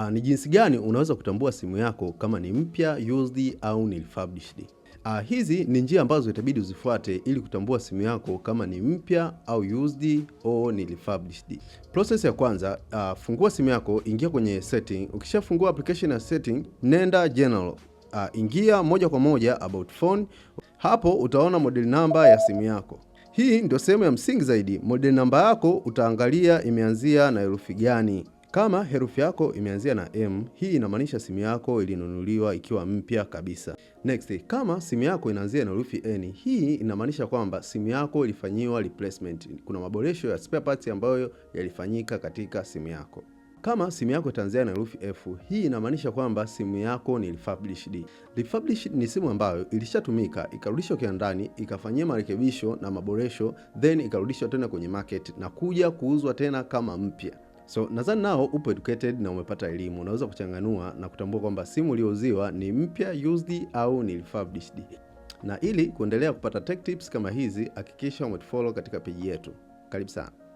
Uh, ni jinsi gani unaweza kutambua simu yako kama ni mpya, used au ni refurbished? Uh, hizi ni njia ambazo itabidi uzifuate ili kutambua simu yako kama ni mpya au used au ni refurbished. Process ya kwanza, uh, fungua simu yako, ingia kwenye setting. Ukishafungua application ya setting, nenda general. Uh, ingia moja kwa moja about phone. Hapo utaona model number ya simu yako. Hii ndio sehemu ya msingi zaidi. Model number yako utaangalia imeanzia na herufi gani. Kama herufi yako imeanzia na M, hii inamaanisha simu yako ilinunuliwa ikiwa mpya kabisa. Next, kama simu yako inaanzia na herufi N, hii inamaanisha kwamba simu yako ilifanyiwa replacement. Kuna maboresho ya spare parts ambayo yalifanyika katika simu yako. Kama simu yako itaanzia na herufi F, hii inamaanisha kwamba simu yako ni refurbished. Refurbished ni simu ambayo ilishatumika ikarudishwa kiwandani, ikafanyia marekebisho na maboresho, then ikarudishwa tena kwenye market na kuja kuuzwa tena kama mpya. So nadhani nao upo educated na umepata elimu, unaweza kuchanganua na kutambua kwamba simu uliouziwa ni mpya used au ni refurbished. Na ili kuendelea kupata tech tips kama hizi, hakikisha umetufollow katika peji yetu. Karibu sana.